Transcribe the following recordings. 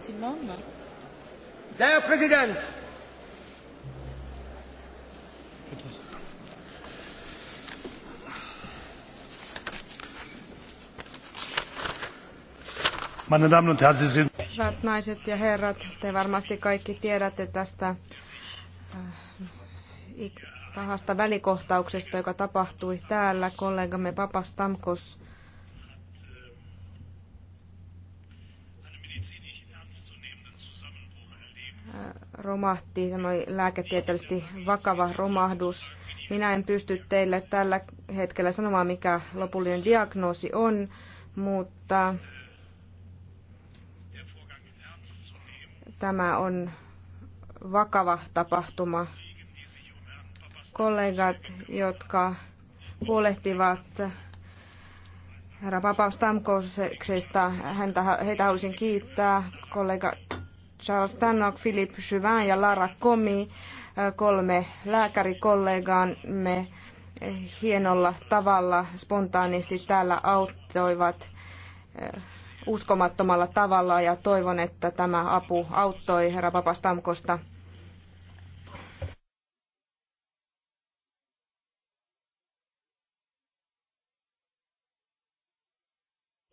Zimmermann. Der Präsident! Hyvät naiset ja herrat, te varmasti kaikki tiedätte tästä pahasta äh, välikohtauksesta, joka tapahtui täällä. Kollegamme Papa Stamkos romahti, tämä oli lääketieteellisesti vakava romahdus. Minä en pysty teille tällä hetkellä sanomaan, mikä lopullinen diagnoosi on, mutta tämä on vakava tapahtuma. Kollegat, jotka huolehtivat herra Papastamkoksesta, häntä, heitä haluaisin kiittää. kollega. Charles Tannock, Philippe Juvin ja Lara Komi, äh, kolme lääkärikollegaamme eh, hienolla tavalla spontaanisti täällä auttoivat eh, uskomattomalla tavalla ja toivon, että tämä apu auttoi herra Papastamkosta.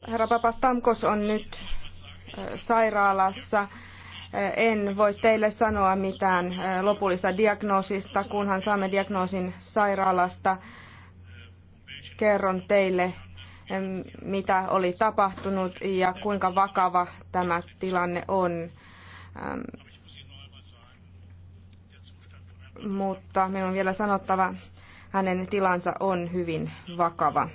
Herra Papastamkos on nyt eh, sairaalassa en voi teille sanoa mitään eh, lopullista diagnoosista, kunhan saamme diagnoosin sairaalasta. Kerron teille, mitä oli tapahtunut ja kuinka vakava tämä tilanne on. Mutta minun on vielä sanottava, hänen tilansa on hyvin vakava.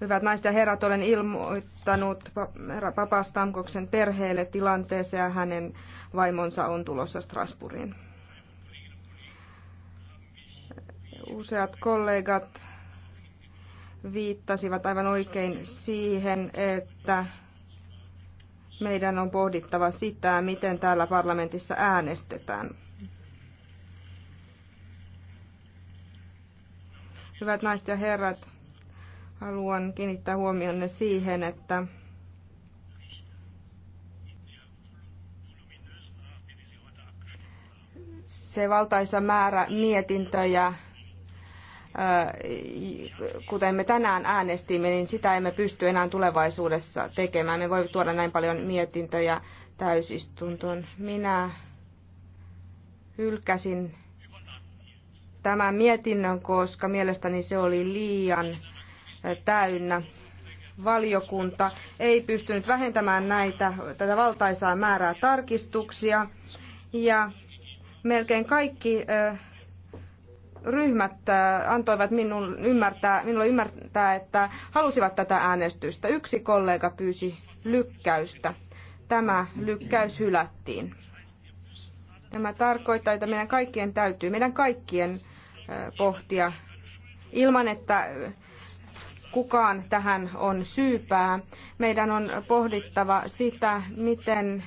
Hyvät naiset ja herrat, olen ilmoittanut herra Papastamkoksen perheelle tilanteeseen ja hänen vaimonsa on tulossa Strasbourgiin. Useat kollegat viittasivat aivan oikein siihen, että meidän on pohdittava sitä, miten täällä parlamentissa äänestetään. Hyvät naiset ja herrat, haluan kiinnittää huomionne siihen, että se valtaisa määrä mietintöjä, kuten me tänään äänestimme, niin sitä emme pysty enää tulevaisuudessa tekemään. Me voi tuoda näin paljon mietintöjä täysistuntoon. Minä hylkäsin tämän mietinnön, koska mielestäni se oli liian täynnä. Valiokunta ei pystynyt vähentämään näitä, tätä valtaisaa määrää tarkistuksia ja melkein kaikki ryhmät antoivat minun ymmärtää, minulle ymmärtää, että halusivat tätä äänestystä. Yksi kollega pyysi lykkäystä. Tämä lykkäys hylättiin. Tämä tarkoittaa, että meidän kaikkien täytyy, meidän kaikkien pohtia ilman, että kukaan tähän on syypää. Meidän on pohdittava sitä, miten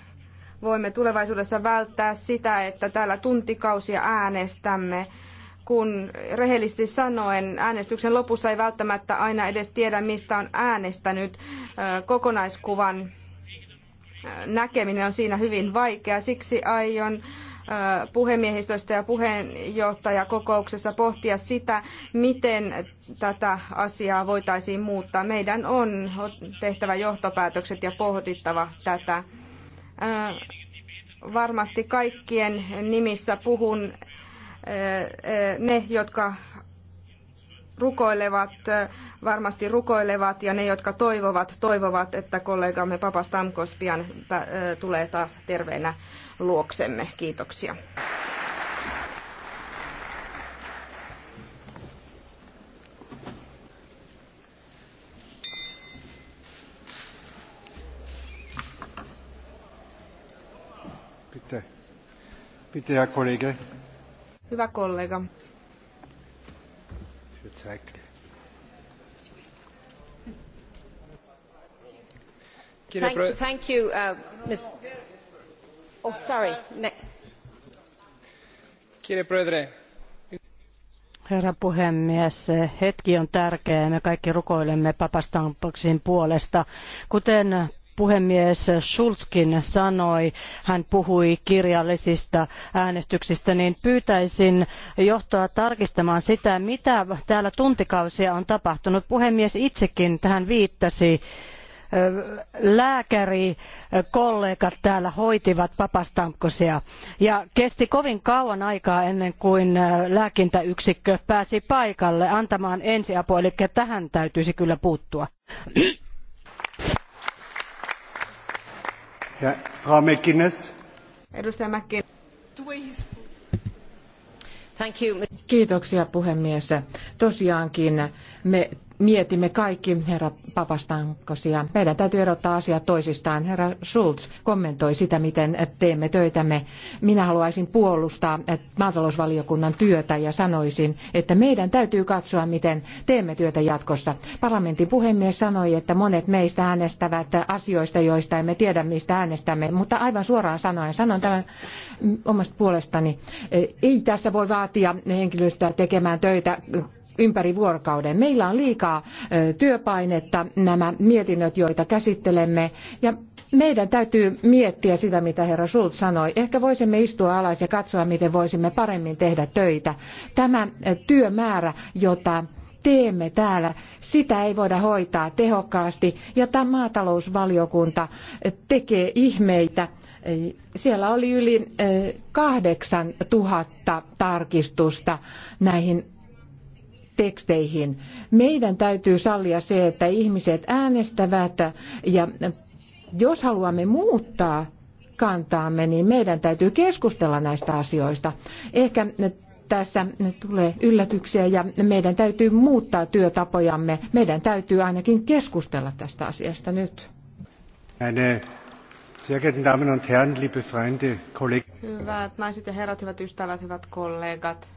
voimme tulevaisuudessa välttää sitä, että täällä tuntikausia äänestämme, kun rehellisesti sanoen äänestyksen lopussa ei välttämättä aina edes tiedä, mistä on äänestänyt. Kokonaiskuvan näkeminen on siinä hyvin vaikea, Siksi aion Äh, puhemiehistöstä ja puheenjohtajakokouksessa pohtia sitä, miten tätä asiaa voitaisiin muuttaa. Meidän on tehtävä johtopäätökset ja pohdittava tätä. Äh, varmasti kaikkien nimissä puhun äh, ne, jotka rukoilevat, varmasti rukoilevat ja ne, jotka toivovat, toivovat, että kollegamme Papa Stamkos pian tulee taas terveenä luoksemme. Kiitoksia. Bitte, bitte Herr Kollege. Hyvä kollega. Κύριε Πρόεδρε, Herra puhemies, hetki on tärkeä ja me kaikki rukoilemme Papastamkoksin puolesta. Kuten puhemies Schulzkin sanoi, hän puhui kirjallisista äänestyksistä, niin pyytäisin johtoa tarkistamaan sitä, mitä täällä tuntikausia on tapahtunut. Puhemies itsekin tähän viittasi lääkärikollegat täällä hoitivat papastamkosia ja kesti kovin kauan aikaa ennen kuin lääkintäyksikkö pääsi paikalle antamaan ensiapua, eli tähän täytyisi kyllä puuttua. Ja, Frau McGuinness. Edustaja McGuinness. Kiitoksia puhemies. Tosiaankin me mietimme kaikki herra Papastankosia. Meidän täytyy erottaa asiat toisistaan. Herra Schulz kommentoi sitä, miten teemme töitämme. Minä haluaisin puolustaa eh, maatalousvaliokunnan työtä ja sanoisin, että meidän täytyy katsoa, miten teemme työtä jatkossa. Parlamentin puhemies sanoi, että monet meistä äänestävät asioista, joista emme tiedä, mistä äänestämme, mutta aivan suoraan sanoen, sanon tämän omasta puolestani, eh, ei tässä voi vaatia henkilöstöä tekemään töitä ympäri vuorokauden. Meillä on liikaa työpainetta nämä mietinnöt, joita käsittelemme. Ja meidän täytyy miettiä sitä, mitä herra Schulz sanoi. Ehkä voisimme istua alas ja katsoa, miten voisimme paremmin tehdä töitä. Tämä työmäärä, jota teemme täällä, sitä ei voida hoitaa tehokkaasti. Ja tämä maatalousvaliokunta tekee ihmeitä. Siellä oli yli kahdeksan tuhatta tarkistusta näihin teksteihin. Meidän täytyy sallia se, että ihmiset äänestävät ja jos haluamme muuttaa kantaamme, niin meidän täytyy keskustella näistä asioista. Ehkä tässä tulee yllätyksiä ja meidän täytyy muuttaa työtapojamme. Meidän täytyy ainakin keskustella tästä asiasta nyt. und Herren, liebe Freunde, Hyvät naiset ja herrat, hyvät ystävät, hyvät kollegat.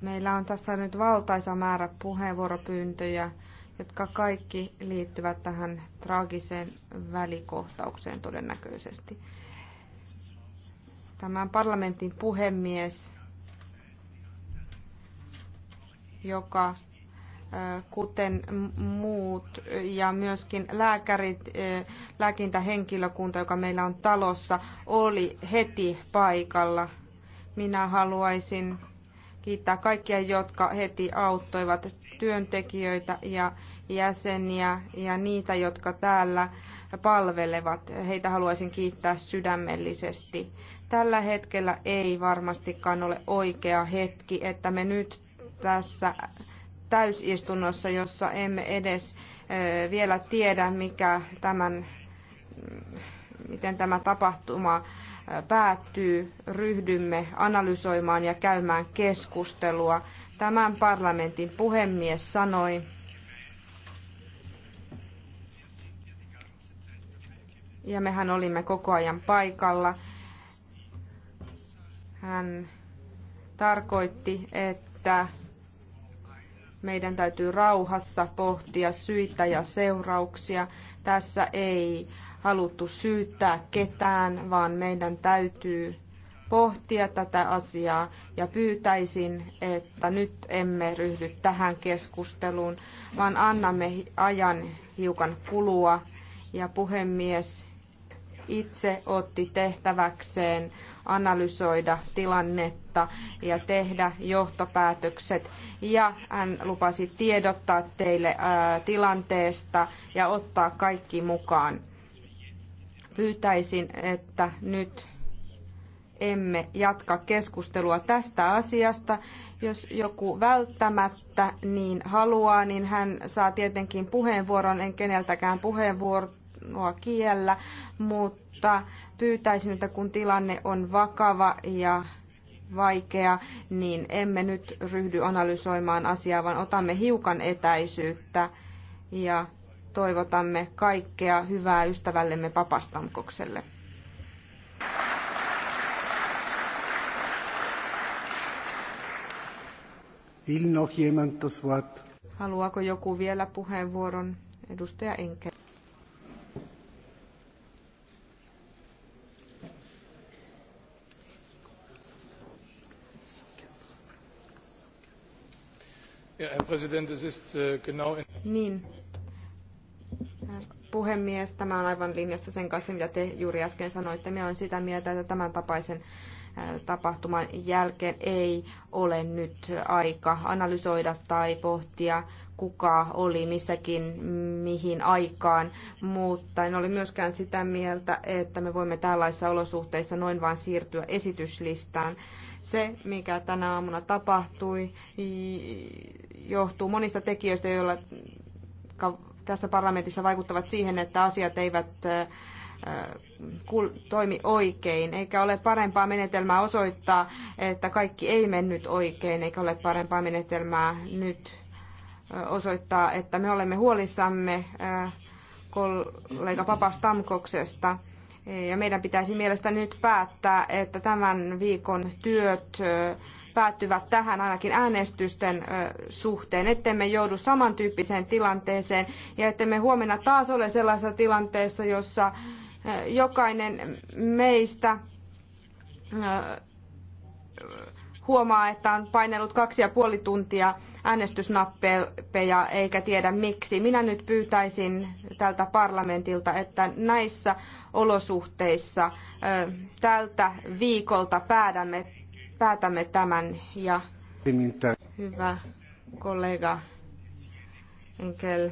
Meillä on tässä nyt valtaisa määrä puheenvuoropyyntöjä, jotka kaikki liittyvät tähän traagiseen välikohtaukseen todennäköisesti. Tämän parlamentin puhemies, joka kuten muut ja myöskin lääkärit, lääkintähenkilökunta, joka meillä on talossa, oli heti paikalla. Minä haluaisin kiittää kaikkia, jotka heti auttoivat työntekijöitä ja jäseniä ja niitä, jotka täällä palvelevat. Heitä haluaisin kiittää sydämellisesti. Tällä hetkellä ei varmastikaan ole oikea hetki, että me nyt tässä täysistunnossa, jossa emme edes vielä tiedä, mikä tämän mm, miten tämä tapahtuma päättyy, ryhdymme analysoimaan ja käymään keskustelua. Tämän parlamentin puhemies sanoi, ja mehän olimme koko ajan paikalla. Hän tarkoitti, että meidän täytyy rauhassa pohtia syitä ja seurauksia. Tässä ei äh, haluttu syyttää ketään, vaan meidän täytyy pohtia tätä asiaa ja pyytäisin, että nyt emme ryhdy tähän keskusteluun, vaan annamme ajan hiukan kulua ja puhemies itse otti tehtäväkseen analysoida tilannetta ja tehdä johtopäätökset. Ja hän lupasi tiedottaa teille tilanteesta ja ottaa kaikki mukaan pyytäisin, että nyt emme jatka keskustelua tästä asiasta. Jos joku välttämättä niin haluaa, niin hän saa tietenkin puheenvuoron. En keneltäkään puheenvuoroa kiellä, mutta pyytäisin, että kun tilanne on vakava ja vaikea, niin emme nyt ryhdy analysoimaan asiaa, vaan otamme hiukan etäisyyttä ja toivotamme kaikkea hyvää ystävällemme papastankokselle. Will noch jemand das Wort? Haluaako joku vielä puheenvuoron? Edustaja Enkel. Herr Präsident, es ist äh, genau in... Niin, puhemies. Tämä on aivan linjassa sen kanssa, mitä te juuri äsken sanoitte. Minä olen sitä mieltä, että tämän tapaisen äh, tapahtuman jälkeen ei ole nyt aika analysoida tai pohtia, kuka oli missäkin mihin aikaan, mutta en ole myöskään sitä mieltä, että me voimme tällaisissa olosuhteissa noin vain siirtyä esityslistaan. Se, mikä tänä aamuna tapahtui, johtuu monista tekijöistä, joilla tässä parlamentissa vaikuttavat siihen, että asiat eivät toimi oikein, eikä ole parempaa menetelmää osoittaa, että kaikki ei mennyt oikein, eikä ole parempaa menetelmää nyt osoittaa, että me olemme huolissamme kollega Papastamkoksesta. Stamkoksesta. Ja meidän pitäisi mielestäni nyt päättää, että tämän viikon työt päättyvät tähän ainakin äänestysten suhteen, ettemme joudu samantyyppiseen tilanteeseen ja ettemme huomenna taas ole sellaisessa tilanteessa, jossa jokainen meistä huomaa, että on painellut kaksi ja puoli tuntia äänestysnappeja eikä tiedä miksi. Minä nyt pyytäisin tältä parlamentilta, että näissä olosuhteissa tältä viikolta päätämme, päätämme tämän ja hyvä kollega Enkel